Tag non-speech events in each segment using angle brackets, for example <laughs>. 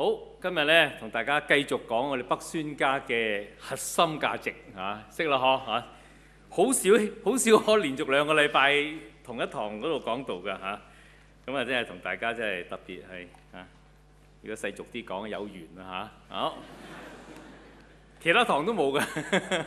好，今日呢同大家繼續講我哋北宣家嘅核心價值嚇，識啦呵嚇，好少好少可連續兩個禮拜同一堂嗰度講道㗎嚇，咁啊真係同大家真係特別係嚇，如果細俗啲講有緣啦嚇，好，其他堂都冇㗎，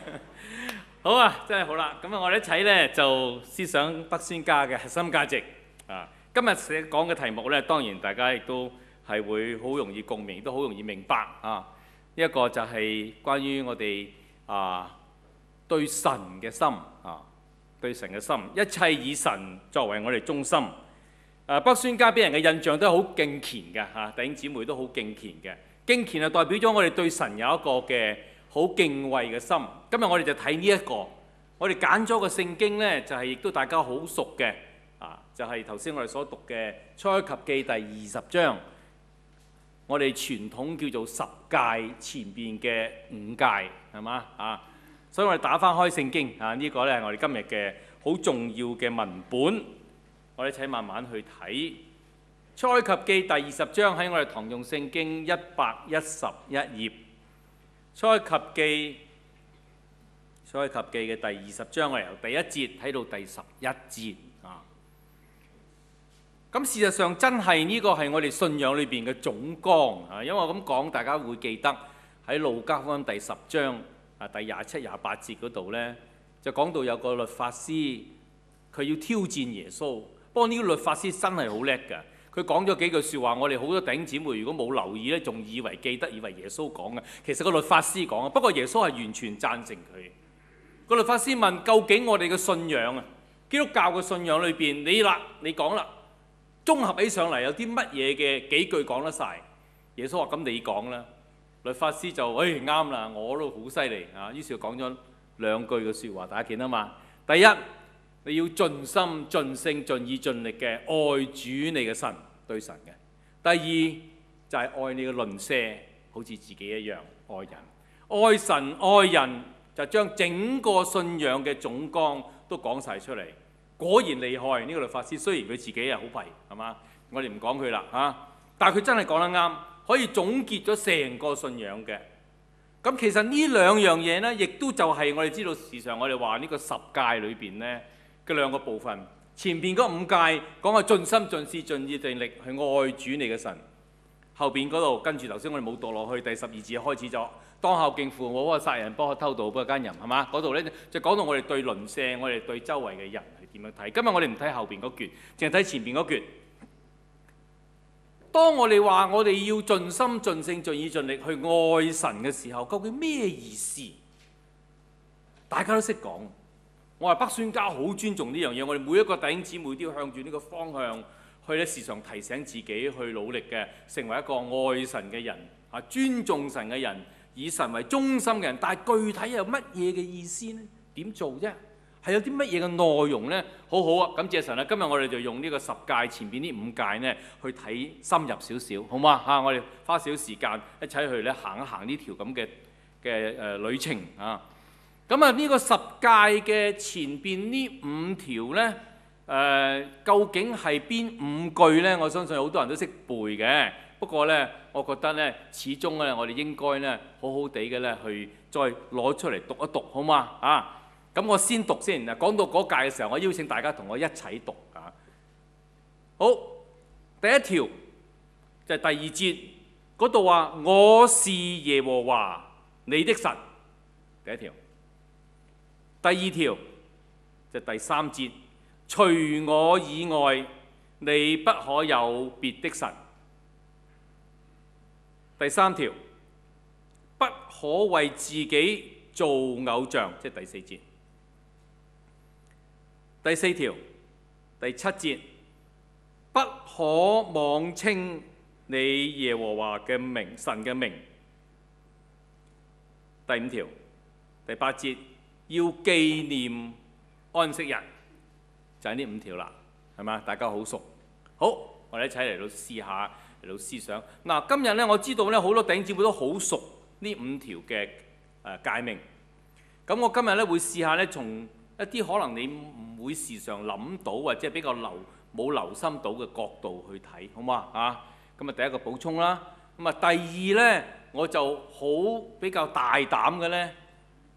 好啊，真係好啦，咁啊我哋一齊呢就思想北宣家嘅核心價值啊，今日講嘅題目呢當然大家亦都係會好容易共鳴，亦都好容易明白啊，呢一個就係關於我哋啊對神嘅心啊，對神嘅心，一切以神作為我哋中心。誒，北宣家俾人嘅印象都係好敬虔嘅嚇，弟兄姊妹都好敬虔嘅。敬虔就代表咗我哋對神有一個嘅好敬畏嘅心。今日我哋就睇呢一個，我哋揀咗個聖經呢，就係亦都大家好熟嘅啊，就係頭先我哋所讀嘅出埃及記第二十章。我哋傳統叫做十誡前邊嘅五誡，係嘛啊？所以我哋打翻開聖經啊，呢、這個呢，係我哋今日嘅好重要嘅文本，我哋一齊慢慢去睇《出埃及記》第二十章，喺我哋堂用聖經一百一十頁，《出埃及記》《出埃及記》嘅第二十章，我哋由第一節睇到第十一節啊。咁事實上真係呢個係我哋信仰裏邊嘅總綱啊！因為我咁講，大家會記得喺路加福音第十章啊第廿七廿八節嗰度呢，就講到有個律法師，佢要挑戰耶穌。不過呢個律法師真係好叻㗎，佢講咗幾句説話，我哋好多頂姊妹如果冇留意呢，仲以為記得，以為耶穌講嘅。其實個律法師講啊，不過耶穌係完全贊成佢。個律法師問究竟我哋嘅信仰啊，基督教嘅信仰裏邊，你啦，你講啦。綜合起上嚟有啲乜嘢嘅幾句講得晒？耶穌話：咁你講啦。律法師就：誒啱啦，我都好犀利啊。於是佢講咗兩句嘅説話，大家見啊嘛。第一，你要盡心、盡性、盡意、盡力嘅愛主你嘅神，對神嘅。第二就係愛你嘅鄰舍，好似自己一樣愛人。愛神愛人就將整個信仰嘅總綱都講晒出嚟。果然厲害呢，這個律法師。雖然佢自己啊好弊，係嘛？我哋唔講佢啦嚇，但係佢真係講得啱，可以總結咗成個信仰嘅。咁其實呢兩樣嘢呢，亦都就係我哋知道時常我哋話呢個十誡裏邊呢，嘅兩個部分。前邊嗰五誡講係盡心盡事盡意盡力去愛主你嘅神，後邊嗰度跟住頭先我哋冇讀落去第十二節開始咗，當孝敬父母，不可殺人，不可偷盜，不可奸淫，係嘛？嗰度呢，就講到我哋對鄰舍，我哋對周圍嘅人。點樣睇？今日我哋唔睇後邊嗰卷，淨係睇前邊嗰卷。當我哋話我哋要盡心盡性盡意盡力去愛神嘅時候，究竟咩意思？大家都識講。我話北宣家好尊重呢樣嘢，我哋每一個弟兄姊妹都要向住呢個方向去咧，時常提醒自己去努力嘅，成為一個愛神嘅人，啊尊重神嘅人，以神為中心嘅人。但係具體有乜嘢嘅意思呢？點做啫？係有啲乜嘢嘅內容呢？好好啊！感謝神啊！今日我哋就用呢個十誡前邊呢五誡呢去睇深入少少，好嘛？嚇、啊，我哋花少少時間一齊去咧行一行呢條咁嘅嘅誒旅程啊！咁啊，呢個十誡嘅前邊呢五條呢，誒、呃、究竟係邊五句呢？我相信好多人都識背嘅。不過呢，我覺得呢，始終咧，我哋應該呢，好好地嘅呢去再攞出嚟讀一讀，好嘛？啊！咁我先讀先啊！講到嗰屆嘅時候，我邀請大家同我一齊讀吓。好，第一條就係第二節嗰度話：我是耶和華你的神。第一條。第二條就係第三節，除我以外你不可有別的神。第三條不可為自己做偶像，即係第四節。第四條第七節，不可妄稱你耶和華嘅名，神嘅名。第五條第八節，要紀念安息日，就係、是、呢五條啦，係嘛？大家好熟。好，我哋一齊嚟到試下嚟到思想。嗱，今日呢，我知道呢，好多頂尖會都好熟呢五條嘅誡命。咁我今日呢，會試下呢，從一啲可能你唔會時常諗到或者比較留冇留心到嘅角度去睇，好嘛啊？咁啊，第一個補充啦。咁啊，第二呢，我就好比較大膽嘅呢，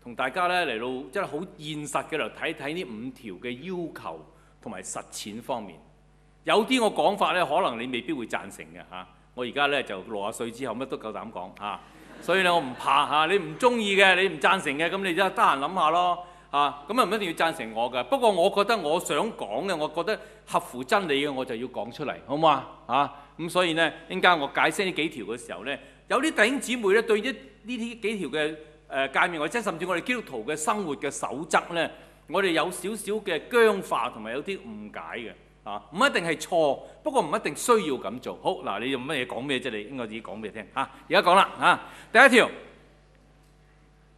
同大家呢嚟到即係好現實嘅嚟睇睇呢五條嘅要求同埋實踐方面。有啲我講法呢，可能你未必會贊成嘅嚇、啊。我而家呢，就六十歲之後乜都夠膽講嚇，所以呢，我唔怕嚇。你唔中意嘅，你唔贊成嘅，咁你即係得閒諗下咯。啊，咁啊唔一定要贊成我㗎。不過我覺得我想講嘅，我覺得合乎真理嘅，我就要講出嚟，好嘛？啊，咁所以呢，應該我解釋呢幾條嘅時候呢，有啲弟兄姊妹呢對於呢啲幾條嘅誒界面，或者甚至我哋基督徒嘅生活嘅守則呢，我哋有少少嘅僵化同埋有啲誤解嘅。啊，唔一定係錯，不過唔一定需要咁做好。嗱，你用乜嘢講咩啫？你應該自己講咩先？嚇、啊，而家講啦，嚇、啊，第一條，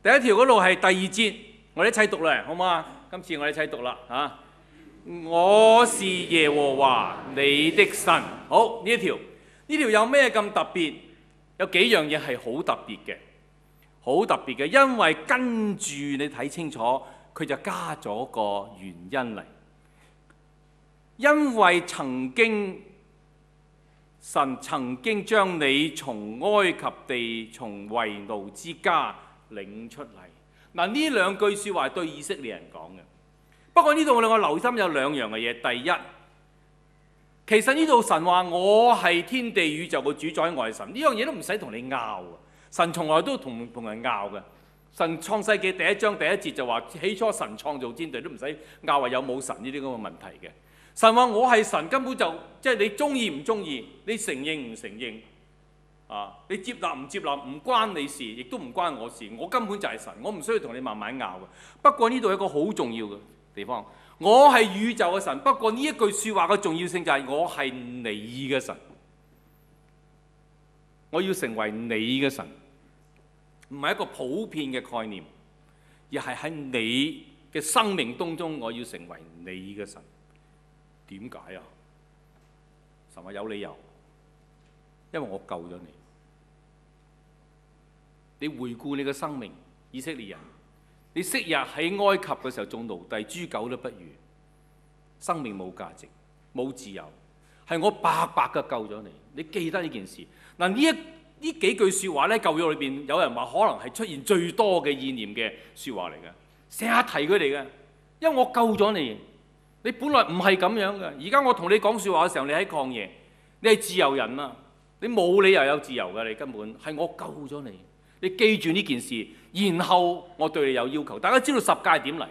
第一條嗰度係第二節。我哋一齊讀嚟，好唔好啊？今次我哋一齊讀啦，吓、啊！我是耶和華，你的神。好，呢一條，呢條有咩咁特別？有幾樣嘢係好特別嘅，好特別嘅，因為跟住你睇清楚，佢就加咗個原因嚟，因為曾經神曾經將你從埃及地、從為奴之家領出嚟。嗱，呢兩句説話係對以色列人講嘅。不過呢度我兩個留心，有兩樣嘅嘢。第一，其實呢度神話我係天地宇宙嘅主宰外神，呢樣嘢都唔使同你拗啊！神從來都唔同人拗嘅。神創世紀第一章第一節就話：起初神創造天地，都唔使拗話有冇神呢啲咁嘅問題嘅。神話我係神，根本就即係、就是、你中意唔中意，你承認唔承認？啊！你接納唔接納，唔關你事，亦都唔關我事。我根本就係神，我唔需要同你慢慢拗嘅。不過呢度係一個好重要嘅地方，我係宇宙嘅神。不過呢一句說話嘅重要性就係：我係你嘅神。我要成為你嘅神，唔係一個普遍嘅概念，而係喺你嘅生命當中，我要成為你嘅神。點解啊？神話有理由，因為我救咗你。你回顧你個生命，以色列人，你昔日喺埃及嘅時候做奴隸，豬狗都不如，生命冇價值，冇自由，係我白白嘅救咗你。你記得呢件事。嗱，呢一呢幾句説話咧，舊約裏邊有人話可能係出現最多嘅意念嘅説話嚟嘅，成日提佢哋嘅，因為我救咗你。你本來唔係咁樣嘅，而家我同你講説話嘅時候，你喺曠野，你係自由人嘛？你冇理由有自由嘅，你根本係我救咗你。你記住呢件事，然後我對你有要求。大家知道十戒係點嚟？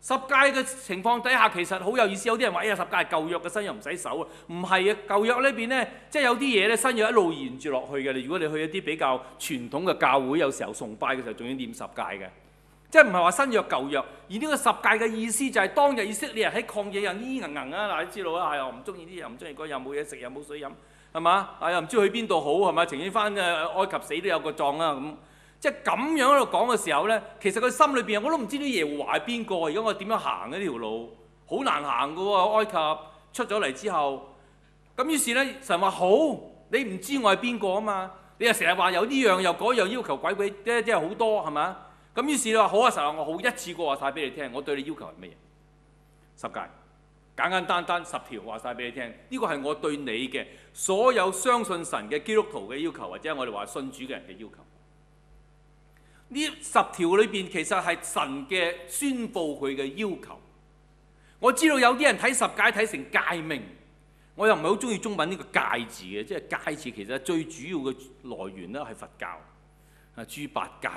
十戒嘅情況底下其實好有意思。有啲人話，哎呀，十戒係舊約嘅新約唔使守啊。唔係啊，舊約呢邊呢，即係有啲嘢呢，新約一路延住落去嘅。你如果你去一啲比較傳統嘅教會，有時候崇拜嘅時候仲要念十戒嘅，即係唔係話新約舊約？而呢個十戒嘅意思就係、是、當日以色列人喺曠野，依依揈揈啊，嗱，你知道啊，哎呀，我唔中意啲嘢，唔中意嗰，又冇嘢食，又冇水飲。係嘛？啊又唔知去邊度好係咪？情願返誒埃及死都有個葬啦咁。即係咁樣喺度講嘅時候呢，其實佢心裏邊我都唔知耶和華係邊個。如果我點樣行呢條路？好難行㗎喎。埃及出咗嚟之後，咁於是呢，神話好，你唔知我係邊個啊嘛？你又成日話有呢樣又嗰樣要求鬼，鬼鬼咧即係好多係咪？咁於是你話好啊神話，我好一次過話晒俾你聽，我對你要求係乜嘢？十戒。簡簡單單十條話晒俾你聽，呢個係我對你嘅所有相信神嘅基督徒嘅要求，或者我哋話信主嘅人嘅要求。呢十條裏邊其實係神嘅宣布佢嘅要求。我知道有啲人睇十戒睇成戒命，我又唔係好中意中文呢個戒字嘅，即係戒字其實最主要嘅來源呢係佛教啊，豬八戒。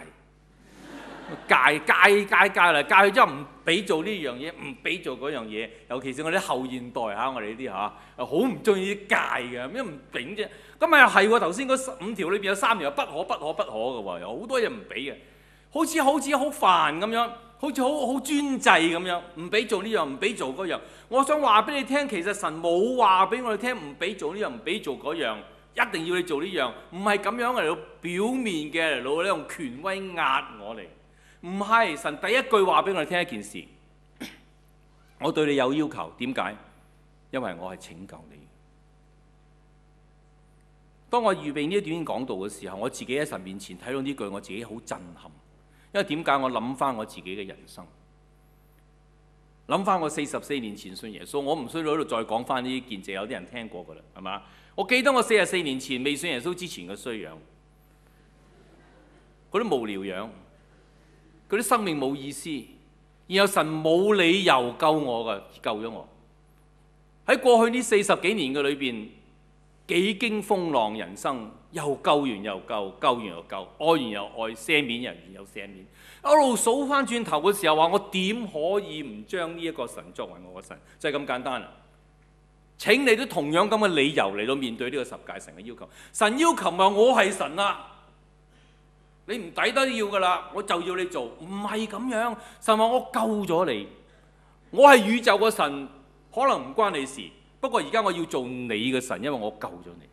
戒戒戒戒啦！戒佢之後唔俾做呢樣嘢，唔俾做嗰樣嘢。尤其是我哋後現代嚇、啊，我哋呢啲嚇好唔中意啲戒嘅，咩唔俾啫？咁咪又係喎。頭先嗰十五條裏邊有三條不可、不可、不可嘅喎，有好多嘢唔俾嘅，好似好似好煩咁樣，好似好好專制咁樣，唔俾做呢樣，唔俾做嗰樣。我想話俾你聽，其實神冇話俾我哋聽，唔俾做呢樣，唔俾做嗰樣，一定要你做呢樣，唔係咁樣嚟到表面嘅嚟，老實用權威壓我嚟。唔係，神第一句話俾我哋聽一件事，我對你有要求。點解？因為我係拯救你。當我預備呢段講道嘅時候，我自己喺神面前睇到呢句，我自己好震撼。因為點解？我諗翻我自己嘅人生，諗翻我四十四年前信耶穌，我唔需要喺度再講翻呢件事。就有啲人聽過噶啦，係嘛？我記得我四十四年前未信耶穌之前嘅衰樣，嗰啲無聊樣。佢啲生命冇意思，然後神冇理由救我嘅，救咗我。喺過去呢四十幾年嘅裏邊，幾經風浪，人生又救完又救，救完又救，愛完又愛，赦免又完又赦免。一路數返轉頭嘅時候話：我點可以唔將呢一個神作為我個神？就係咁簡單啦。請你都同樣咁嘅理由嚟到面對呢個十戒神嘅要求。神要求咪我係神啊！你唔抵得要噶啦，我就要你做，唔係咁樣。神話我救咗你，我係宇宙個神，可能唔關你事。不過而家我要做你嘅神，因為我救咗你。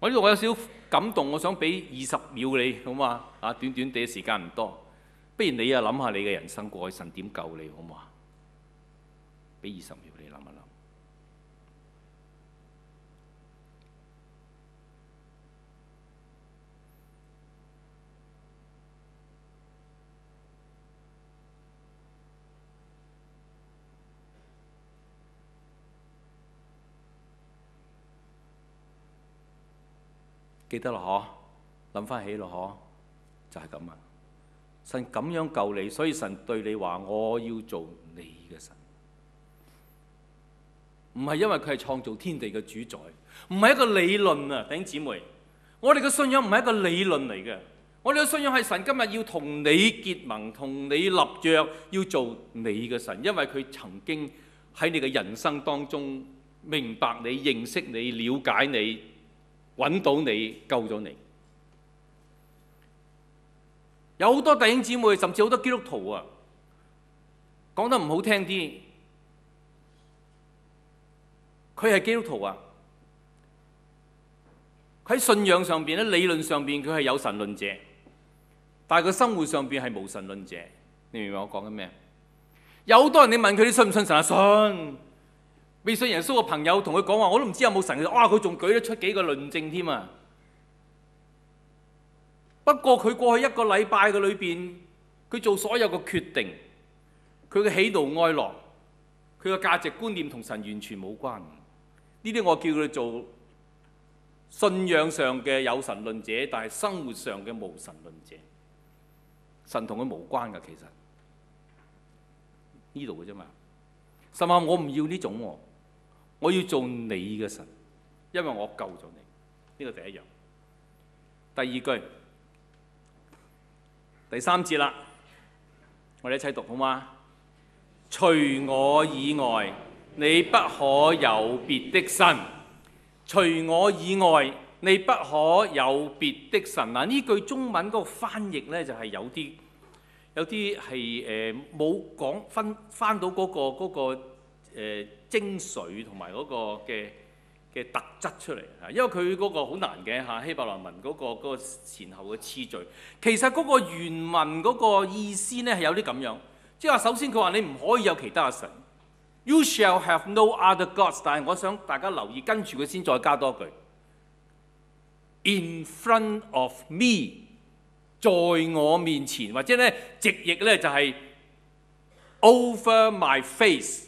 我呢度我有少少感動，我想俾二十秒你，好嘛？啊，短短哋時間唔多，不如你啊諗下你嘅人生，過去神點救你好嘛？俾二十秒你諗一諗。記得咯，嗬，諗翻起咯，嗬，就係咁啊！神咁樣救你，所以神對你話：我要做你嘅神，唔係因為佢係創造天地嘅主宰，唔係一個理論啊！弟兄姊妹，我哋嘅信仰唔係一個理論嚟嘅，我哋嘅信仰係神今日要同你結盟、同你立約，要做你嘅神，因為佢曾經喺你嘅人生當中明白你、認識你、了解你。揾到你，救咗你，有好多弟兄姊妹，甚至好多基督徒啊，講得唔好聽啲，佢係基督徒啊，喺信仰上邊咧，理論上邊佢係有神論者，但係佢生活上邊係無神論者，你明唔明我講緊咩？有好多人你問佢，你信唔信神啊？信。未信耶穌嘅朋友同佢講話，我都唔知有冇神嘅。哇，佢仲舉得出幾個論證添啊！不過佢過去一個禮拜嘅裏邊，佢做所有嘅決定，佢嘅喜怒哀樂，佢嘅價值觀念同神完全冇關。呢啲我叫佢做信仰上嘅有神論者，但係生活上嘅無神論者，神同佢無關噶，其實呢度嘅啫嘛。神說我啊，我唔要呢種。我要做你嘅神，因為我救咗你。呢個第一樣。第二句，第三節啦，我哋一齊讀好嗎？除我以外，你不可有別的神。除我以外，你不可有別的神。嗱，呢句中文嗰個翻譯呢，就係有啲有啲係誒冇講分翻到嗰個嗰個。那個誒精髓同埋嗰個嘅嘅特質出嚟嚇，因為佢嗰個好難嘅嚇希伯來文嗰個嗰個前後嘅次序，其實嗰個原文嗰個意思咧係有啲咁樣，即係話首先佢話你唔可以有其他神，You shall have no other gods。但係我想大家留意，跟住佢先再加多句，In front of me，在我面前，或者咧直譯咧就係 over my face。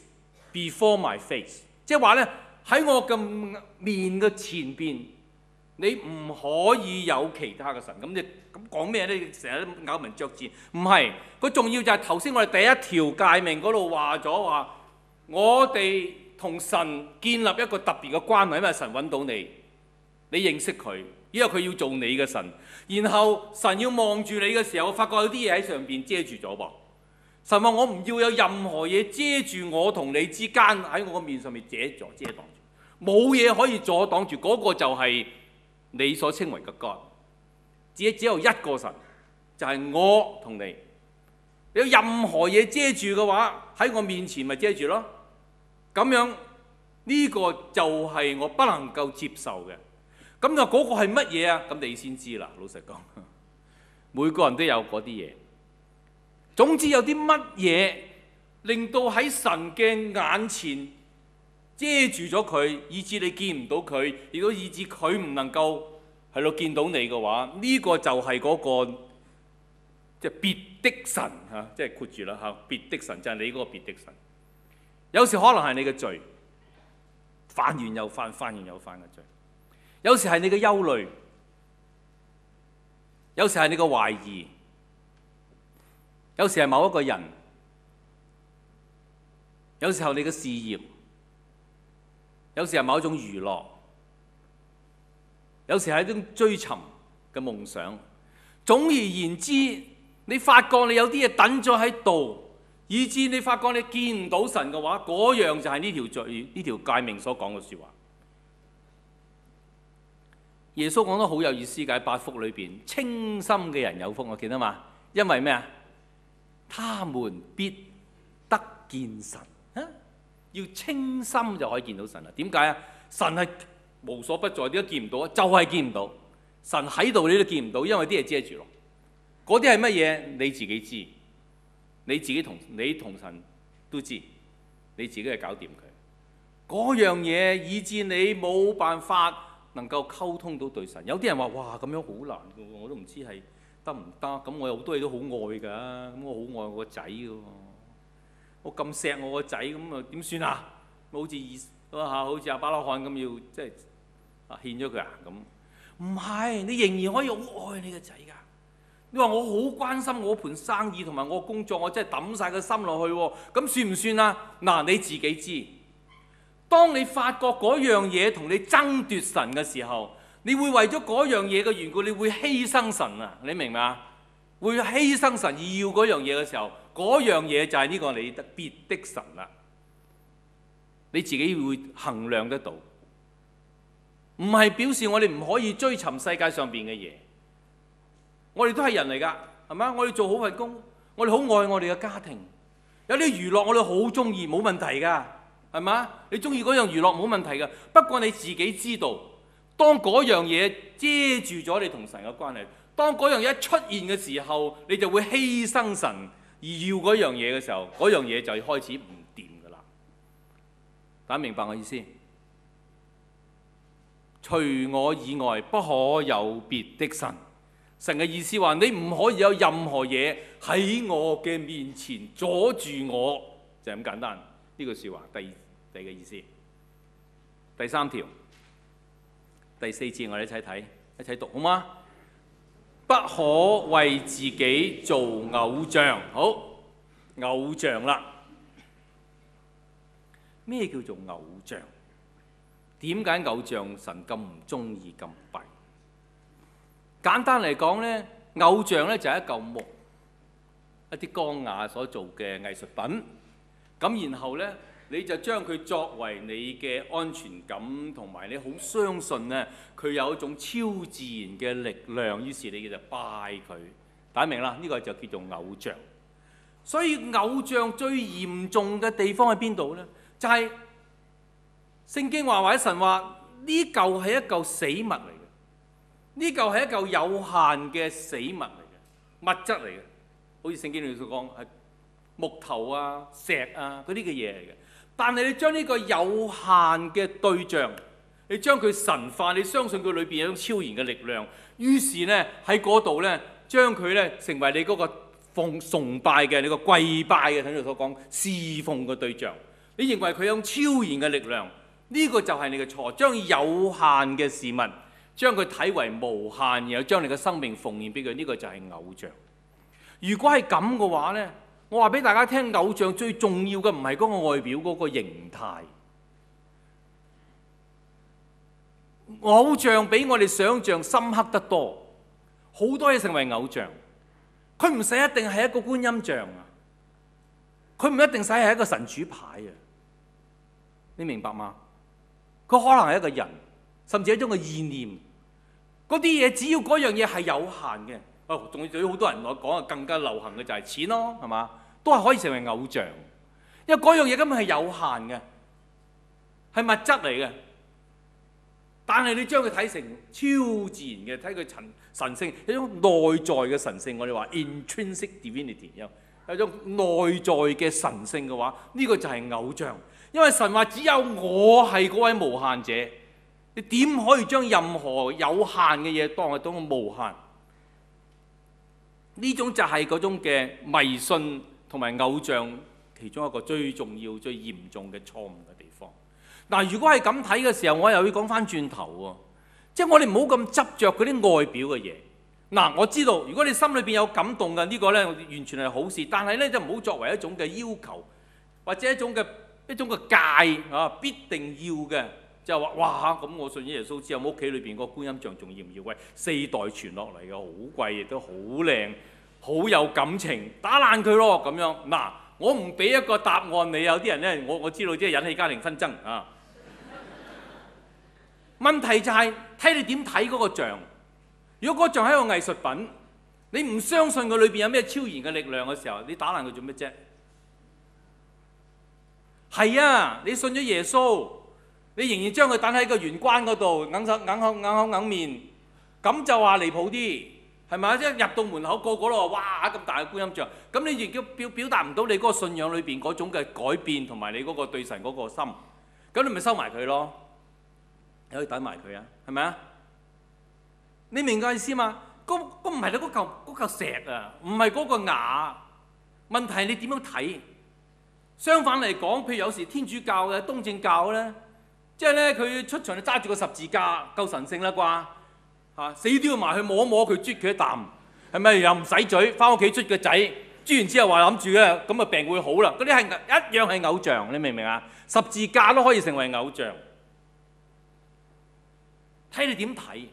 Before my face，即係話呢，喺我嘅面嘅前邊，你唔可以有其他嘅神。咁你咁講咩咧？成日咬文嚼字，唔係。佢重要就係頭先我哋第一條誡命嗰度話咗話，我哋同神建立一個特別嘅關係，因為神揾到你，你認識佢，因為佢要做你嘅神。然後神要望住你嘅時候，發覺有啲嘢喺上邊遮住咗噃。神話我唔要有任何嘢遮住我同你之間，喺我個面上面遮住，遮擋住。冇嘢可以阻擋住，嗰個就係你所稱為嘅 God，只，只有一個神，就係、是、我同你。有任何嘢遮住嘅話，喺我面前咪遮住咯。咁樣呢、這個就係我不能夠接受嘅。咁就嗰個係乜嘢啊？咁你先知啦。老實講，每個人都有嗰啲嘢。總之有啲乜嘢令到喺神嘅眼前遮住咗佢，以致你見唔到佢，亦都以致佢唔能夠係咯見到你嘅話，呢、這個就係嗰、那個即係、就是、別的神嚇，即係括住啦嚇，別的神就係、是、你嗰個別的神。有時可能係你嘅罪，犯完又犯，犯完又犯嘅罪；有時係你嘅憂慮，有時係你嘅懷疑。有時係某一個人，有時候你嘅事業，有時係某一種娛樂，有時係一種追尋嘅夢想。總而言之，你發覺你有啲嘢等咗喺度，以致你發覺你見唔到神嘅話，嗰樣就係呢條罪呢條誡命所講嘅說話。耶穌講得好有意思，喺八福裏面，清心嘅人有福，我記得嘛，因為咩？他們必得見神，要清心就可以見到神啦。點解啊？神係無所不在，點解見唔到啊？就係見唔到。神喺度，你都見唔到，因為啲嘢遮住咯。嗰啲係乜嘢？你自己知，你自己同你同神都知。你自己去搞掂佢。嗰樣嘢以致你冇辦法能夠溝通到對神。有啲人話：哇，咁樣好難㗎喎，我都唔知係。得唔得？咁我有好多嘢都好愛㗎，咁我好愛我個仔㗎。我咁錫我個仔，咁啊點算啊？好似二啊，好似亞伯拉罕咁要即係啊，獻咗佢啊咁。唔係，你仍然可以好愛你個仔㗎。你話我好關心我盤生意同埋我工作，我真係揼晒個心落去喎。咁算唔算啊？嗱，你自己知。當你發覺嗰樣嘢同你爭奪神嘅時候，你會為咗嗰樣嘢嘅緣故，你會犧牲神啊？你明嘛？會犧牲神而要嗰樣嘢嘅時候，嗰樣嘢就係呢個你特別的神啦。你自己會衡量得到，唔係表示我哋唔可以追尋世界上邊嘅嘢。我哋都係人嚟噶，係嘛？我哋做好份工，我哋好愛我哋嘅家庭，有啲娛樂我哋好中意，冇問題噶，係嘛？你中意嗰樣娛樂冇問題噶，不過你自己知道。當嗰樣嘢遮住咗你同神嘅關係，當嗰樣嘢出現嘅時候，你就會犧牲神而要嗰樣嘢嘅時候，嗰樣嘢就開始唔掂㗎喇。大家明白我意思？除我以外，不可有別的神。神嘅意思話你唔可以有任何嘢喺我嘅面前阻住我，就咁簡單。呢句說話，第二，第二個意思，第三條。第四節，我哋一齊睇，一齊讀，好嗎？不可為自己做偶像。好，偶像啦。咩叫做偶像？點解偶像神咁唔鍾意咁弊？簡單嚟講呢，偶像呢就係一嚿木，一啲缸瓦所做嘅藝術品。咁然後呢。你就將佢作為你嘅安全感同埋，你好相信呢，佢有一種超自然嘅力量，於是你就拜佢。睇明啦，呢、呢個就叫做偶像。所以偶像最嚴重嘅地方喺邊度呢？就係、係、聖經話或者神話，呢嚿係一嚿死物嚟嘅，呢嚿係一嚿有限嘅死物嚟嘅，物質嚟嘅，好似聖經裏頭講係木頭啊、石啊嗰啲嘅嘢嚟嘅。但係你將呢個有限嘅對象，你將佢神化，你相信佢裏邊有超然嘅力量，於是呢，喺嗰度呢，將佢呢成為你嗰個奉崇拜嘅、你個跪拜嘅，喺度所講侍奉嘅對象。你認為佢有超然嘅力量，呢個就係你嘅錯。將有限嘅事物，將佢睇為無限，然後將你嘅生命奉獻俾佢，呢個就係偶像。如果係咁嘅話呢。我話俾大家聽，偶像最重要嘅唔係嗰個外表，嗰個形態。偶像比我哋想象深刻得多，好多嘢成為偶像，佢唔使一定係一個觀音像啊，佢唔一定使係一個神主牌啊，你明白嗎？佢可能係一個人，甚至係一種嘅意念，嗰啲嘢只要嗰樣嘢係有限嘅。仲要對於好多人來講啊，更加流行嘅就係錢咯，係嘛？都係可以成為偶像，因為嗰樣嘢根本係有限嘅，係物質嚟嘅。但係你將佢睇成超自然嘅，睇佢神神性，有種內在嘅神性。我哋話 intrinsic divinity，有有種內在嘅神性嘅話，呢個就係偶像。因為神話只有我係嗰位無限者，你點可以將任何有限嘅嘢當係當無限？呢種就係嗰種嘅迷信同埋偶像其中一個最重要、最嚴重嘅錯誤嘅地方。嗱，如果係咁睇嘅時候，我又要講翻轉頭喎，即係我哋唔好咁執着嗰啲外表嘅嘢。嗱，我知道如果你心裏面有感動嘅呢個呢完全係好事。但係呢，就唔好作為一種嘅要求，或者一種嘅一種嘅戒啊，必定要嘅。就係話哇咁，我信耶穌之後，我屋企裏邊個觀音像仲要唔要？喂，四代傳落嚟嘅好貴，亦都好靚，好有感情，打爛佢咯咁樣。嗱，我唔俾一個答案你。有啲人咧，我我知道即係引起家庭紛爭啊。 <laughs> 問題就係睇你點睇嗰個像。如果嗰像係個藝術品，你唔相信佢裏邊有咩超然嘅力量嘅時候，你打爛佢做乜啫？係啊，你信咗耶穌。你仍然將佢等喺個玄關嗰度，硬手硬口硬口硬面，咁就話離譜啲，係咪？即入到門口，個個都話：哇！咁大嘅觀音像，咁你亦都表表達唔到你嗰個信仰裏邊嗰種嘅改變，同埋你嗰個對神嗰個心，咁你咪收埋佢咯，你可以等埋佢啊，係咪啊？你明白個意思嘛？嗰嗰唔係咧，嗰嚿嗰嚿石啊，唔係嗰個牙。問題係你點樣睇？相反嚟講，譬如有時天主教嘅、東正教咧。即係咧，佢出場就揸住個十字架，夠神性啦啩嚇，死都要埋去摸一摸佢，啜佢一啖，係咪又唔使嘴？翻屋企啜個仔，啜完之後話諗住啊，咁啊病會好啦。嗰啲係一樣係偶像，你明唔明啊？十字架都可以成為偶像，睇你點睇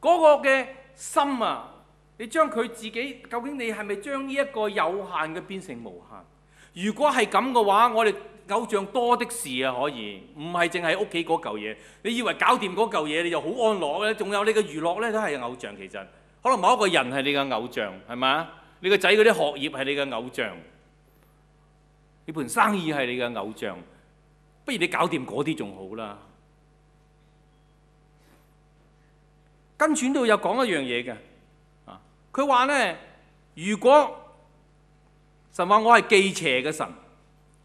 嗰個嘅心啊！你將佢自己究竟你係咪將呢一個有限嘅變成無限？如果係咁嘅話，我哋。偶像多的是啊，可以唔係淨係屋企嗰嚿嘢。你以為搞掂嗰嚿嘢，你就好安樂咧？仲有你嘅娛樂咧，都係偶像。其實可能某一個人係你嘅偶像，係嘛？你個仔嗰啲學業係你嘅偶像，你盤生意係你嘅偶、偶像。不如你搞掂嗰啲仲好啦。跟住呢有講一樣嘢嘅，啊，佢話咧，如果神話我係忌邪嘅神。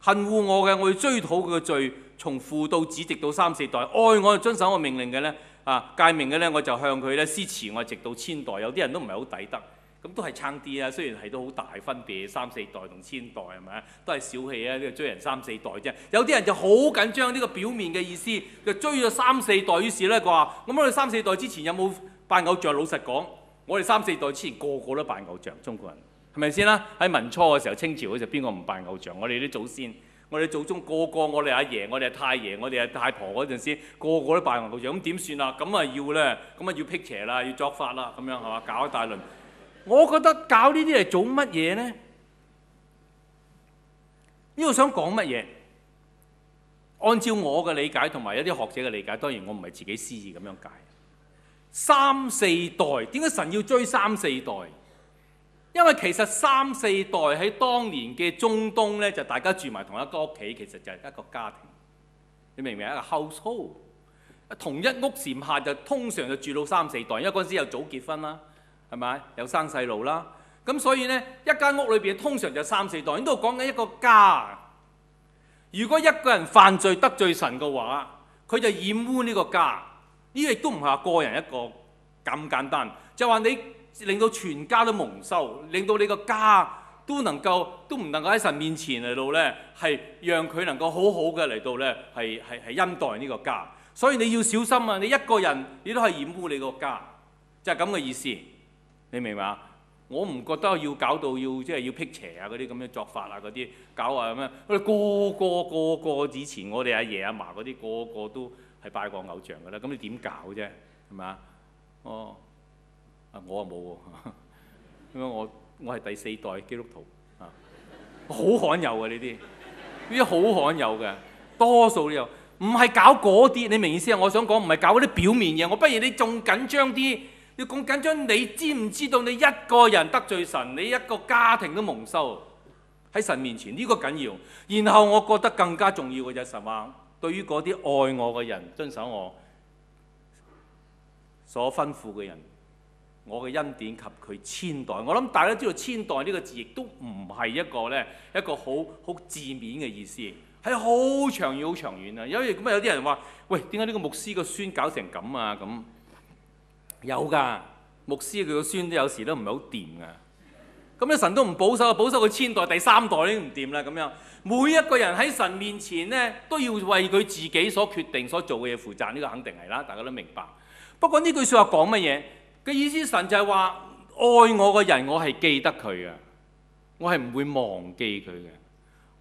恨惡我嘅，我要追討佢嘅罪，從父到子，直到三四代；愛我，就遵守我命令嘅呢，啊，誡命嘅呢，我就向佢呢，施慈愛，直到千代。有啲人都唔係好抵得，咁都係撐啲啦。雖然係都好大分別，三四代同千代係咪？都係小氣啊，呢個追人三四代啫。有啲人就好緊張呢個表面嘅意思，就追咗三四代，於是呢，佢話：咁我哋三四代之前有冇拜偶像？老實講，我哋三四代之前個個都拜偶像，中國人。係咪先啦？喺民初嘅時候，清朝嘅時候，邊個唔拜偶像？我哋啲祖先，我哋祖宗個個，我哋阿爺，我哋阿太爺，我哋阿太婆嗰陣時，個個都拜偶像。咁點算啊？咁啊要咧，咁啊要辟邪啦，要作法啦，咁樣係嘛？搞一大輪。我覺得搞呢啲係做乜嘢呢？呢度想講乜嘢？按照我嘅理解同埋一啲學者嘅理解，當然我唔係自己私意咁樣解。三四代，點解神要追三四代？因為其實三四代喺當年嘅中東呢，就大家住埋同一個屋企，其實就係一個家庭，你明唔明啊？一個 Household，同一屋檐下就通常就住到三四代，因為嗰陣時又早結婚啦，係咪？有生細路啦，咁所以呢，一間屋裏邊通常就三四代，都講緊一個家。如果一個人犯罪得罪神嘅話，佢就染污呢個家，呢個亦都唔係話個人一個咁簡單，就話你。令到全家都蒙羞，令到你個家都能夠都唔能夠喺神面前嚟到呢，係讓佢能夠好好嘅嚟到呢，係係係恩待呢個家。所以你要小心啊！你一個人你都係染污你個家，就係咁嘅意思。你明嘛？我唔覺得要搞到要即係要辟邪啊嗰啲咁嘅作法啊嗰啲，搞啊咁樣。我哋個個個個以前我哋阿爺阿嫲嗰啲個個都係拜過偶像㗎啦。咁你點搞啫？係咪？哦。我啊冇喎，因 <laughs> 為我我係第四代基督徒啊，好 <laughs> 罕有啊呢啲，呢啲好罕有嘅，多數都有。唔係搞嗰啲，你明意思啊？我想講唔係搞嗰啲表面嘢。我不如你仲緊張啲，你咁緊張，你知唔知道你一個人得罪神，你一個家庭都蒙羞喺神面前呢個緊要。然後我覺得更加重要嘅就係神話，對於嗰啲愛我嘅人，遵守我所吩咐嘅人。我嘅恩典及佢千代，我諗大家知道千代呢個字，亦都唔係一個呢，一個好好字面嘅意思，係好長遠、好長遠啊！因咁有啲人話：喂，點解呢個牧師個孫搞成咁啊？咁有㗎，牧師佢個孫都有時都唔係好掂㗎。咁咧，神都唔保守啊，保守佢千代，第三代已經唔掂啦。咁樣，每一個人喺神面前呢，都要為佢自己所決定、所做嘅嘢負責。呢個肯定係啦，大家都明白。不過呢句説話講乜嘢？嘅意思，神就係話愛我嘅人我係記得佢嘅，我係記得佢嘅，我係唔會忘記佢嘅。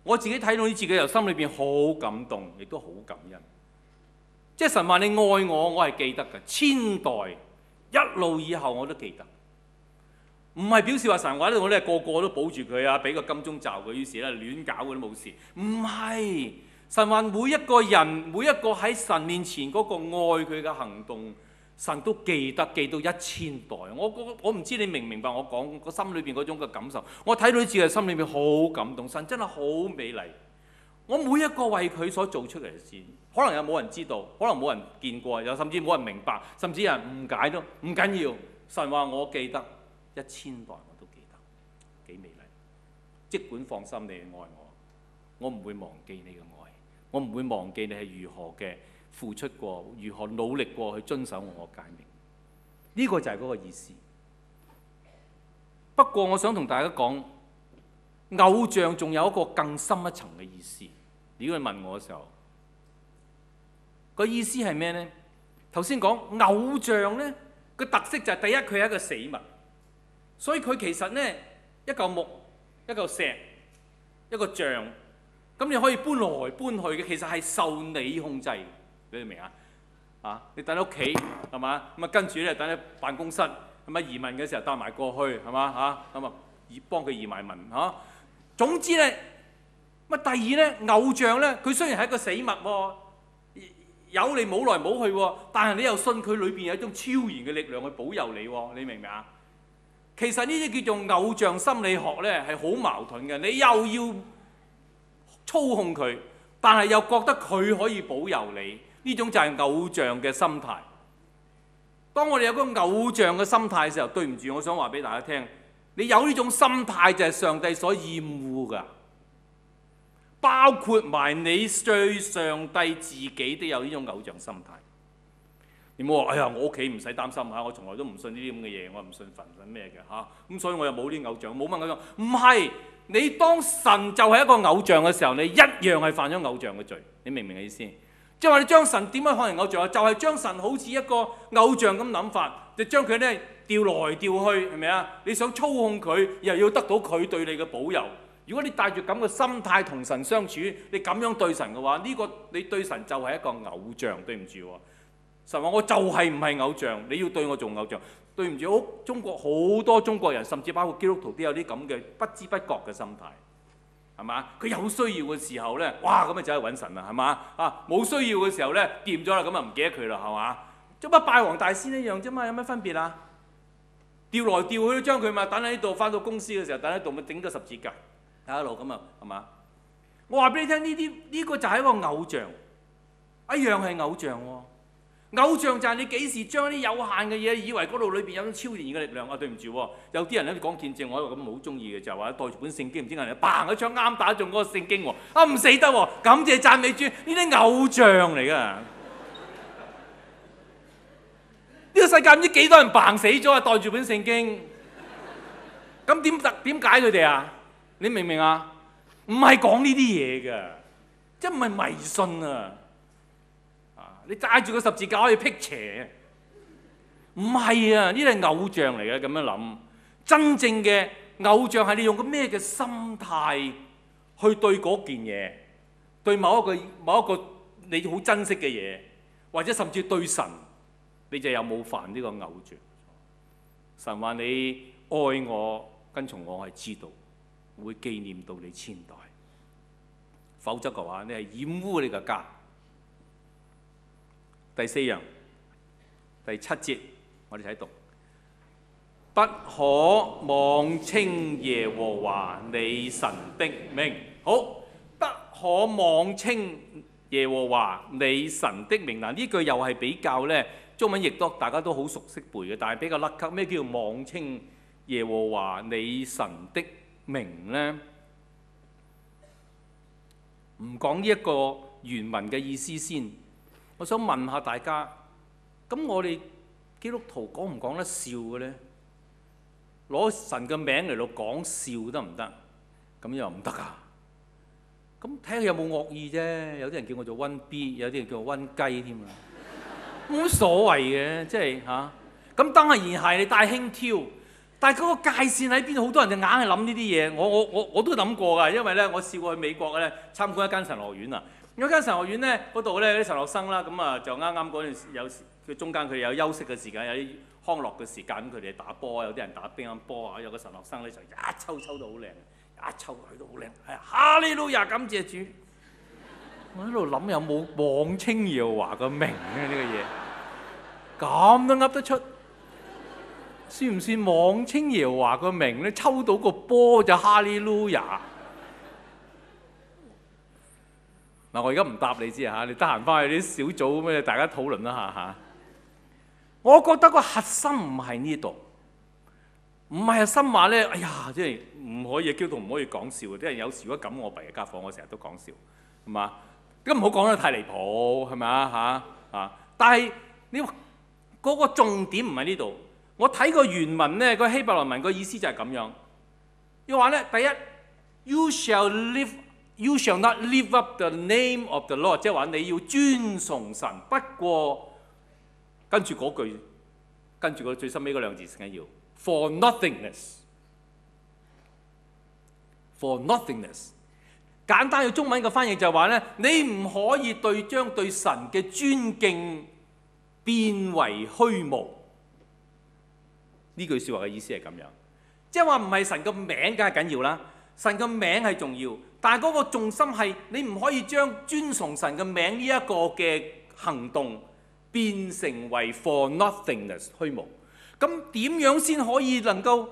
我自己睇到你自己由心裏邊好感動，亦都好感恩。即係神話你愛我，我係記得嘅，千代一路以後我都記得。唔係表示話神話呢度咧，我個個都保住佢啊，俾個金鐘罩佢，於是咧亂搞嘅都冇事。唔係神話每一個人，每一個喺神面前嗰個愛佢嘅行動。神都記得，記到一千代。我我唔知你明唔明白我講個心裏邊嗰種嘅感受。我睇到自己心裏邊好感動，神真係好美麗。我每一個為佢所做出嚟嘅事，可能有冇人知道，可能冇人見過，又甚至冇人明白，甚至有人誤解都唔緊要。神話我記得一千代，我都記得，幾美麗。即管放心，你愛我，我唔會忘記你嘅愛，我唔會忘記你係如何嘅。付出過，如何努力過去遵守我嘅誡命？呢個就係嗰個意思。不過我想同大家講，偶像仲有一個更深一層嘅意思。如果你問我嘅時候，個意思係咩呢？頭先講偶像呢，個特色就係第一，佢係一個死物，所以佢其實呢一嚿木、一嚿石、一個像，咁你可以搬來搬去嘅，其實係受你控制。你明啊？啊，你等喺屋企係嘛？咁啊，跟住咧，等喺辦公室咁啊，移民嘅時候搭埋過去係嘛？嚇咁啊，幫佢移民啊。總之咧，乜第二咧，偶像咧，佢雖然係一個死物、哦，有你冇來冇去、哦，但係你又信佢裏邊有一種超然嘅力量去保佑你、哦。你明唔明啊？其實呢啲叫做偶像心理學咧，係好矛盾嘅。你又要操控佢，但係又覺得佢可以保佑你。呢種就係偶像嘅心態。當我哋有個偶像嘅心態嘅時候，對唔住，我想話俾大家聽，你有呢種心態就係上帝所厭惡噶。包括埋你最上帝自己都有呢種偶像心態。你唔好話，哎呀，我屋企唔使擔心嚇，我從來都唔信呢啲咁嘅嘢，我唔信神唔咩嘅嚇。咁所以我又冇呢啲偶像，冇乜偶像。唔係，你當神就係一個偶像嘅時候，你一樣係犯咗偶像嘅罪。你明唔明我嘅意思？即係話你將神點樣看人偶像啊？就係將神好似一個偶像咁諗法，就將佢咧調來調去，係咪啊？你想操控佢，又要得到佢對你嘅保佑。如果你帶住咁嘅心態同神相處，你咁樣對神嘅話，呢個你對神就係一個偶像，對唔住喎。神話我就係唔係偶像，你要對我做偶像，對唔住。屋中國好多中國人，甚至包括基督徒都有啲咁嘅不知不覺嘅心態。係嘛？佢有需要嘅時候咧，哇咁咪走去揾神啦，係嘛？啊冇需要嘅時候咧，掂咗啦，咁啊唔記得佢啦，係嘛？做乜拜黃大仙一樣啫嘛？有咩分別啊？調來調去都將佢嘛，等喺呢度，翻到公司嘅時候，等喺度咪整咗十字架喺一路咁啊，係嘛？我話俾你聽，呢啲呢個就係一個偶像，一樣係偶像喎、哦。偶像就係你幾時將啲有限嘅嘢，以為嗰度裏邊有種超自然嘅力量？啊，對唔住，有啲人喺度講見證，我以為咁好中意嘅，就係話袋住本聖經，唔知係咪？砰！一槍啱打中嗰個聖經喎，啊唔死得，感謝讚美主，呢啲偶像嚟噶。呢個世界唔知幾多人砰死咗啊，袋住本聖經。咁點點解佢哋啊？你明唔明啊？唔係講呢啲嘢嘅，即係唔係迷信啊？你揸住個十字架可以辟邪，唔係啊？呢啲係偶像嚟嘅。咁樣諗，真正嘅偶像係你用個咩嘅心態去對嗰件嘢，對某一個某一個你好珍惜嘅嘢，或者甚至對神，你就有冇犯呢個偶像？神話你愛我，跟從我係知道，會紀念到你千代。否則嘅話，你係掩污你嘅家。第四樣第七節，我哋睇讀，不可妄稱耶和華你神的名。好，不可妄稱耶和華你神的名。嗱，呢句又係比較呢，中文亦都大家都好熟悉背嘅，但係比較 luck。咩叫妄稱耶和華你神的名呢？唔講呢一個原文嘅意思先。我想問下大家，咁我哋基督徒講唔講得笑嘅咧？攞神嘅名嚟度講笑得唔得？咁又唔得啊？咁睇下有冇惡意啫。有啲人叫我做温 B，有啲人叫我温雞添 <laughs> 啊。冇所謂嘅，即係嚇。咁當然係你大興挑，但係嗰個界線喺邊？好多人就硬係諗呢啲嘢。我我我我都諗過噶，因為咧我試過去美國咧參觀一間神樂園啊。有間神學院咧，嗰度咧有啲神學生啦，咁啊就啱啱嗰陣時有時佢中間佢哋有休息嘅時間，有啲康樂嘅時間，佢哋打波有啲人打乒乓波啊，有個神學生咧就一、啊、抽抽到好靚，一、啊、抽佢都好靚，係、哎、哈利路亞感謝主。我喺度諗有冇妄稱耶和華個名呢？呢、呢個嘢咁都噏得出，算唔算妄稱耶和華個名咧？抽到個波就哈利路亞。嗱，我而家唔答你知啊嚇，你得閒翻去啲小組咩，大家討論一下嚇。我覺得個核心唔係呢度，唔係新話咧。哎呀，即係唔可以叫動，唔可以講笑嘅。啲人有時如果咁，我弊嘅傢伙，我成日都講笑，係嘛？咁唔好講得太離譜，係咪啊嚇？啊，但係你嗰個重點唔係呢度。我睇個原文咧，個希伯來文個意思就係咁樣。要話咧，第一，you shall live。You shall not live up the name of the Lord，即係話你要尊崇神。不過跟住嗰句，跟住個最深尾嗰兩字先緊要。For nothingness，for nothingness。簡單嘅中文嘅翻譯就係話咧，你唔可以對將對神嘅尊敬變為虛無。呢句説話嘅意思係咁樣，即係話唔係神個名梗係緊要啦，神個名係重要，但係個重心係你唔可以將尊崇神嘅名呢一個嘅行動變成為 for nothingness 虛無。咁點樣先可以能夠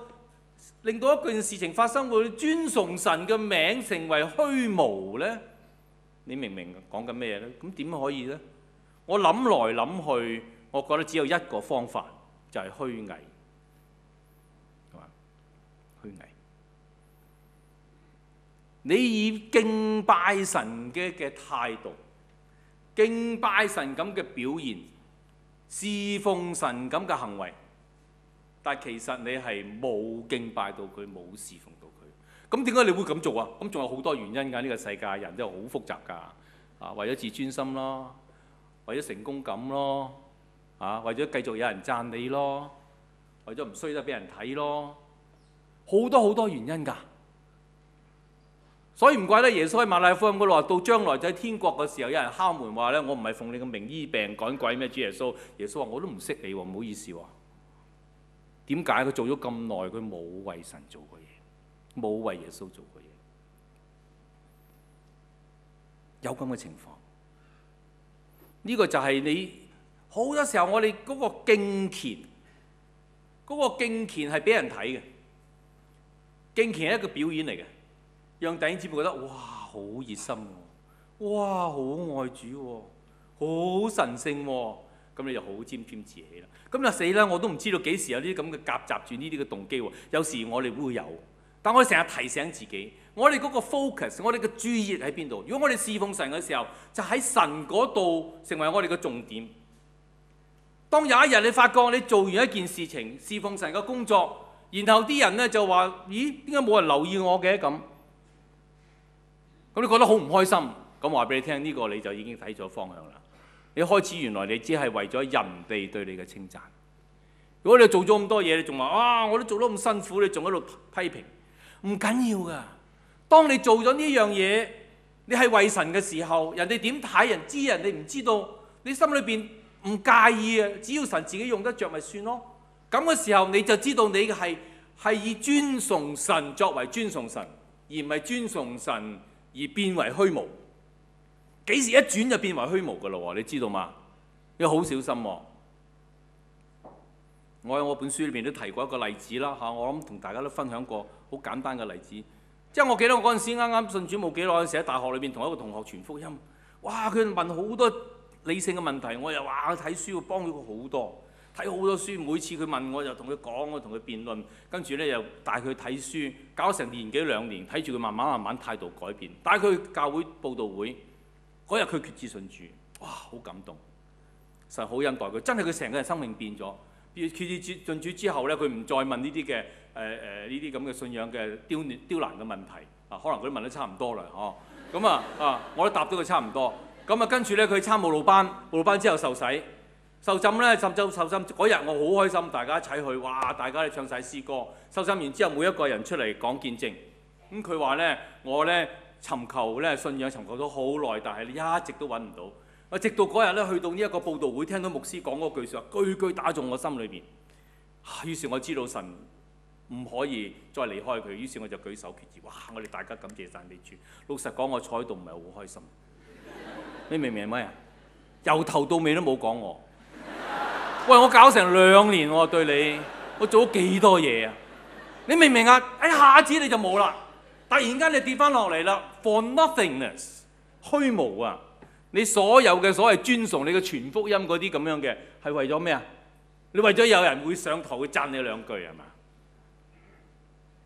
令到一件事情發生，會尊崇神嘅名成為虛無呢？你明唔明講緊咩呢？咁點可以呢？我諗來諗去，我覺得只有一個方法，就係、是、虛偽。你以敬拜神嘅嘅態度、敬拜神咁嘅表現、侍奉神咁嘅行為，但其實你係冇敬拜到佢，冇侍奉到佢。咁點解你會咁做啊？咁仲有好多原因㗎。呢個世界人都係好複雜㗎。啊，為咗自尊心咯，為咗成功感咯，啊，為咗、啊啊、繼續有人讚你咯，啊，為咗唔衰得俾人睇咯，啊、好多好多原因㗎。所以唔怪得耶穌喺馬拉夫嗰度話：到將來就喺天國嘅時候，有人敲門話咧：我唔係奉你嘅名醫病趕鬼咩？主耶穌，耶穌話：我都唔識你喎，唔好意思喎。點解佢做咗咁耐佢冇為神做過嘢，冇為耶穌做過嘢？有咁嘅情況，呢個就係你好多時候我哋嗰個敬虔，嗰個敬虔係俾人睇嘅，敬虔係一個表演嚟嘅。讓弟兄姊妹覺得哇好熱心喎，哇好愛主喎，好神聖喎，咁你就好沾沾自喜啦。咁就死啦！我都唔知道幾時有呢啲咁嘅夾雜住呢啲嘅動機喎。有時我哋都會有，但我成日提醒自己，我哋嗰個 focus，我哋嘅注意力喺邊度？如果我哋侍奉神嘅時候，就喺神嗰度成為我哋嘅重點。當有一日你發覺你做完一件事情，侍奉神嘅工作，然後啲人咧就話：咦，點解冇人留意我嘅咁？咁你覺得好唔開心？咁話俾你聽，呢個你就已經睇咗方向啦。你開始原來你只係為咗人哋對你嘅稱讚。如果你做咗咁多嘢，你仲話啊，我都做得咁辛苦，你仲喺度批評？唔緊要噶。當你做咗呢樣嘢，你係為神嘅時候，人哋點睇人知人？你唔知道，你心裏邊唔介意啊。只要神自己用得着咪算咯。咁嘅時候你就知道你係係以尊崇神作為尊崇神，而唔係尊崇神。而變為虛無，幾時一轉就變為虛無嘅咯喎，你知道嘛？你好小心喎、啊。我喺我本書裏邊都提過一個例子啦嚇，我諗同大家都分享過好簡單嘅例子。即係我記得我嗰陣時啱啱信主冇幾耐嗰陣時，喺大學裏邊同一個同學傳福音，哇！佢問好多理性嘅問題，我又話我睇書幫咗佢好多，睇好多書，每次佢問我就同佢講，我同佢辯論，跟住咧又帶佢睇書，搞成年幾兩年，睇住佢慢慢慢慢態度改變，帶佢去教會佈道會，嗰日佢決志信主，哇！好感動，神好恩待佢，真係佢成個人生命變咗。決決志信主之後咧，佢唔再問呢啲嘅誒誒呢啲咁嘅信仰嘅刁難刁難嘅問題，啊可能佢都問得差唔多啦哦，咁 <laughs> 啊啊我都答咗佢差唔多，咁啊跟住咧佢參務老班，老班之後受洗。受浸咧，浸咗受浸嗰日，我好開心，大家一齊去，哇！大家都唱晒詩歌，受浸完之後，每一個人出嚟講見證。咁佢話咧，我咧尋求咧信仰，尋求咗好耐，但係咧一直都揾唔到。啊，直到嗰日咧去到呢一個佈道會，聽到牧師講嗰句説話，句句打中我心裏邊、啊。於是我知道神唔可以再離開佢，於是我就舉手決志。哇！我哋大家感謝晒你主。老實講，我坐喺度唔係好開心。你明唔明咩啊？由頭到尾都冇講我。喂，我搞成兩年喎、啊，對你，我做咗幾多嘢啊？你明唔明白啊？一、哎、下子你就冇啦，突然間你跌翻落嚟啦。For nothingness，虛無啊！你所有嘅所謂尊崇，你嘅全福音嗰啲咁樣嘅，係為咗咩啊？你為咗有人會上台去讚你兩句啊？嘛？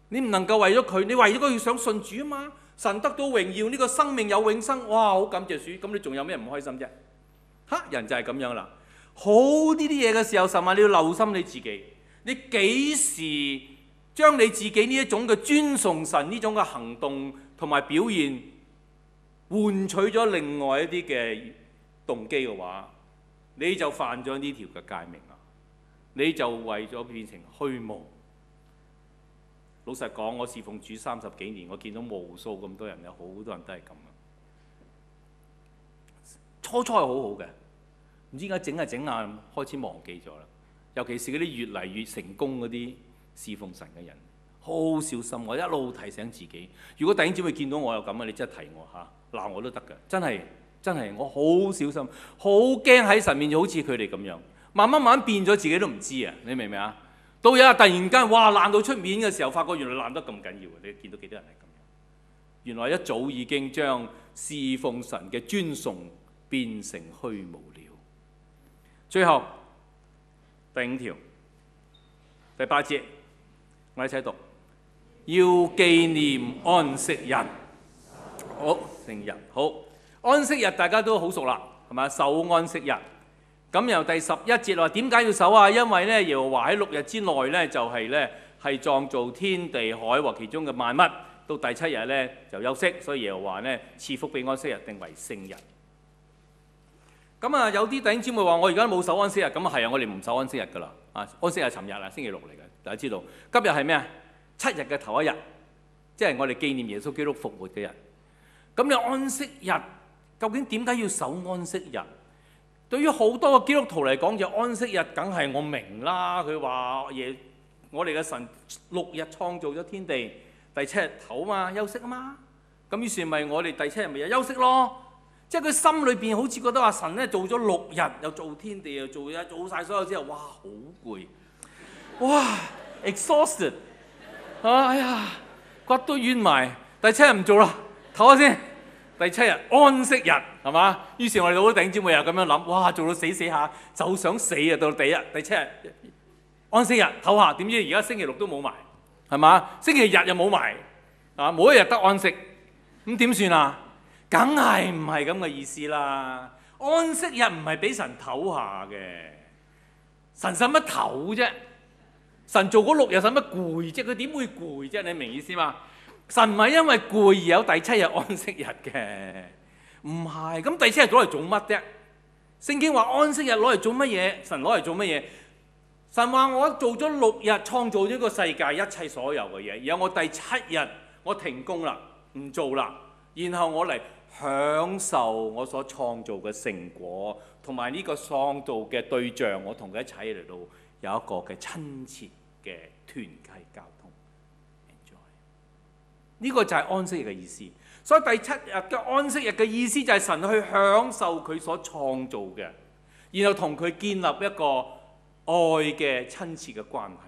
你唔能夠為咗佢，你為咗佢要想信主啊嘛？神得到榮耀，呢、這個生命有永生，哇！好感謝主，咁你仲有咩唔開心啫？吓，人就係咁樣啦。好呢啲嘢嘅時候，神啊，你要留心你自己。你幾時將你自己呢一種嘅尊崇神呢種嘅行動同埋表現，換取咗另外一啲嘅動機嘅話，你就犯咗呢條嘅誡命啦。你就為咗變成虛無。老實講，我侍奉主三十幾年，我見到無數咁多人，有好多人都係咁嘅。初初係好好嘅。唔知點解整下整下，開始忘記咗啦。尤其是嗰啲越嚟越成功嗰啲侍奉神嘅人，好小心。我一路提醒自己，如果第二朝會見到我有咁嘅，你真係提我嚇鬧我都得嘅。真係真係，我好小心，好驚喺神面前好似佢哋咁樣，慢慢慢變咗自己都唔知啊！你明唔明啊？到有日突然間哇爛到出面嘅時候，發覺原來爛得咁緊要啊！你見到幾多人係咁樣？原來一早已經將侍奉神嘅尊崇變成虛無。最後第五條第八節，我哋一齊讀，要紀念安息日。好聖日，好安息日，大家都好熟啦，係咪？守安息日。咁由第十一節話點解要守啊？因為咧，耶和華喺六日之內咧，就係咧係創造天地海和其中嘅萬物，到第七日咧就休息，所以耶和華咧賜福俾安息日，定為聖日。咁啊，有啲弟兄姊妹話：我而家冇守安息日，咁啊係啊，我哋唔守安息日噶啦。啊，安息日係尋日啊，星期六嚟嘅，大家知道。今日係咩啊？七日嘅頭一日，即係我哋紀念耶穌基督復活嘅日。咁有安息日，究竟點解要守安息日？對於好多個基督徒嚟講，就安息日梗係我明啦。佢話耶，我哋嘅神六日創造咗天地，第七日唞啊嘛，休息啊嘛。咁於是咪我哋第七日咪又休息咯？即係佢心裏邊好似覺得阿神咧，做咗六日又做天地又做嘢做晒所有之後，哇好攰， <laughs> 哇 exhausted，啊，哎呀骨都軟埋，第七日唔做啦。唞下先，第七日安息日係嘛？於是乎我哋老頂姊妹又咁樣諗，哇做到死死下就想死啊！到第一日第七日安息日，唞下，點知而家星期六都冇埋，係嘛？星期日又冇埋，啊冇一日得安息，咁點算啊？梗係唔係咁嘅意思啦！安息日唔係俾神唞下嘅，神使乜唞啫？神做嗰六日使乜攰啫？佢點會攰啫？你明意思嘛？神唔係因為攰而有第七日安息日嘅，唔係。咁第七日攞嚟做乜啫？聖經話安息日攞嚟做乜嘢？神攞嚟做乜嘢？神話我做咗六日創造咗個世界一切所有嘅嘢，然後我第七日我停工啦，唔做啦，然後我嚟。享受我所創造嘅成果，同埋呢個創造嘅對象，我同佢一齊嚟到有一個嘅親切嘅團契交通。enjoy 呢個就係安息日嘅意思。所以第七日嘅安息日嘅意思就係神去享受佢所創造嘅，然後同佢建立一個愛嘅親切嘅關係。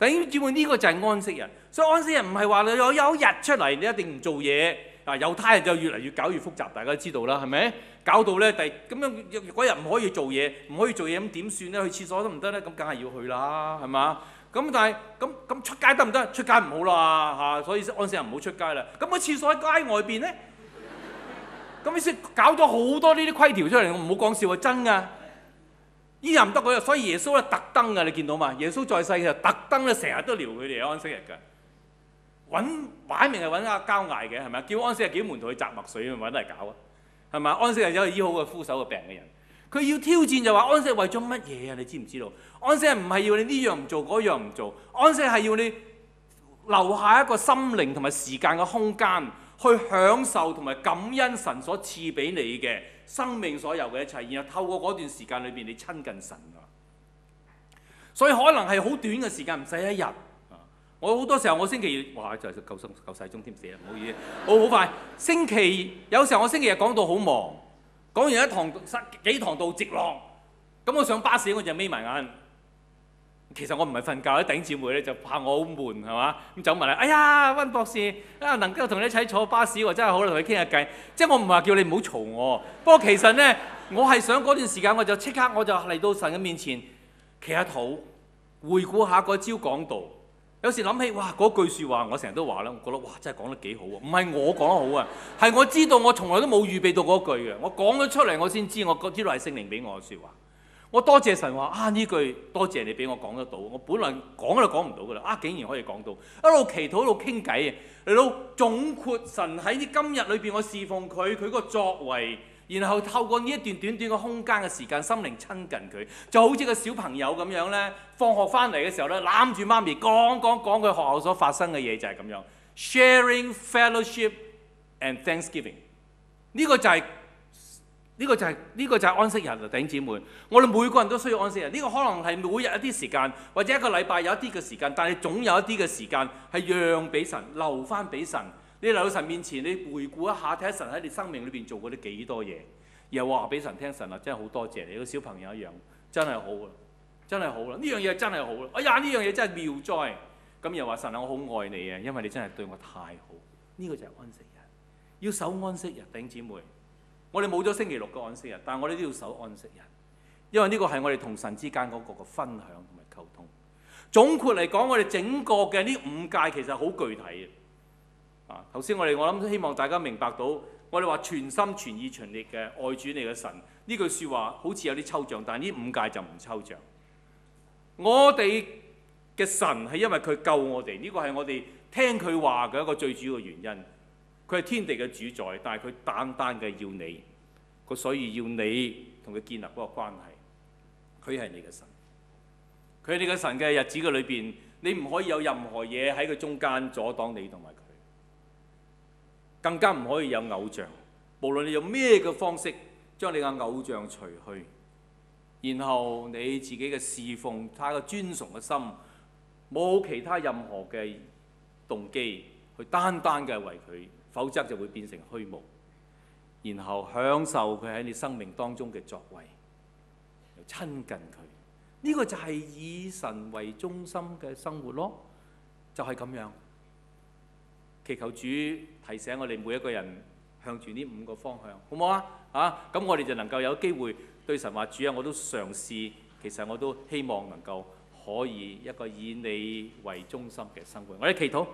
弟兄姊妹，呢個就係安息日。所以安息日唔係話你有有日出嚟你一定唔做嘢。啊！猶太人就越嚟越搞越複雜，大家知道啦，係咪？搞到咧第咁樣嗰日唔可以做嘢，唔可以做嘢咁點算咧？去廁所得唔得咧？咁梗係要去啦，係嘛？咁但係咁咁出街得唔得？出街唔好啦嚇，所以安息日唔好出街啦。咁個廁所喺街外邊咧，咁 <laughs> 先搞咗好多呢啲規條出嚟。我唔好講笑啊，真噶，依日唔得日。所以耶穌咧特登啊，你見到嘛？耶穌在世嘅時候，特登咧，成日都撩佢哋安息日㗎。揾擺明係揾交嗌嘅，係咪叫安息日幾門徒去摘麥穗啊？揾得嚟搞啊，係咪啊？安息日只有醫好個枯手個病嘅人。佢要挑戰就話：安息係為咗乜嘢啊？你知唔知道？安息日唔係要你呢樣唔做，嗰樣唔做。安息係要你留下一個心靈同埋時間嘅空間，去享受同埋感恩神所賜俾你嘅生命所有嘅一切。然後透過嗰段時間裏邊，你親近神啊。所以可能係好短嘅時間，唔使一日。我好多時候，我星期二哇，就係夠夠晒鐘添寫啊！唔好意思，我、哦、好快。星期有時候我星期日講到好忙，講完一堂、幾堂到直落。咁我上巴士我就眯埋眼。其實我唔係瞓覺，啲頂姐妹咧就怕我好悶係嘛？咁走埋嚟。哎呀，温博士啊，能夠同你一齊坐巴士或真係好同你可以傾下偈。即係我唔係話叫你唔好嘈我，不過其實咧，我係想嗰段時間我就即刻我就嚟到神嘅面前企下肚，回顧下嗰朝講道。有時諗起，哇！嗰句説話，我成日都話啦，我覺得哇，真係講得幾好啊！唔係我講得好啊，係我知道我從來都冇預備到嗰句嘅，我講咗出嚟，我先知我嗰啲都係聖靈俾我嘅説話。我多謝神話啊！呢句多謝你俾我講得到，我本來講都講唔到噶啦，啊竟然可以講到，一路祈禱一路傾偈啊，嚟到總括神喺啲今日裏邊，我侍奉佢，佢嗰個作為。然後透過呢一段短短嘅空間嘅時間，心靈親近佢，就好似個小朋友咁樣呢，放學翻嚟嘅時候呢，攬住媽咪講講講佢學校所發生嘅嘢，就係咁樣。Sharing fellowship and thanksgiving，呢個就係呢個就係呢個就係安息日啊，弟兄姊妹，我哋每個人都需要安息日。呢個可能係每日一啲時間，或者一個禮拜有一啲嘅時間，但係總有一啲嘅時間係讓俾神，留翻俾神。你嚟到神面前，你回顧一下，睇下神喺你生命裏邊做過啲幾多嘢，又話俾神聽，神啊，真係好多謝你，個小朋友一樣，真係好啊，真係好啦，呢樣嘢真係好啦，哎呀呢樣嘢真係妙哉，咁又話，神啊，我好愛你啊，因為你真係對我太好，呢個就係安息日，要守安息日，頂姊妹，我哋冇咗星期六嘅安息日，但係我哋都要守安息日，因為呢個係我哋同神之間嗰個嘅分享同埋溝通。總括嚟講，我哋整個嘅呢五誡其實好具體嘅。啊！頭先我哋我諗希望大家明白到，我哋話全心全意全力嘅愛主你嘅神呢句説話好似有啲抽象，但係呢五界就唔抽象。我哋嘅神係因為佢救我哋，呢個係我哋聽佢話嘅一個最主要嘅原因。佢係天地嘅主宰，但係佢單單嘅要你，佢所以要你同佢建立嗰個關係。佢係你嘅神，佢哋嘅神嘅日子嘅裏邊，你唔可以有任何嘢喺佢中間阻擋你同埋。更加唔可以有偶像，無論你用咩嘅方式將你嘅偶像除去，然後你自己嘅侍奉、佢嘅尊崇嘅心，冇其他任何嘅動機去單單嘅為佢，否則就會變成虛無。然後享受佢喺你生命當中嘅作為，又親近佢，呢個就係以神為中心嘅生活咯，就係咁樣，祈求主。提醒我哋每一個人向住呢五個方向，好唔好啊？吓，咁我哋就能夠有機會對神話主啊，我都嘗試，其實我都希望能夠可以一個以你為中心嘅生活。我哋祈禱。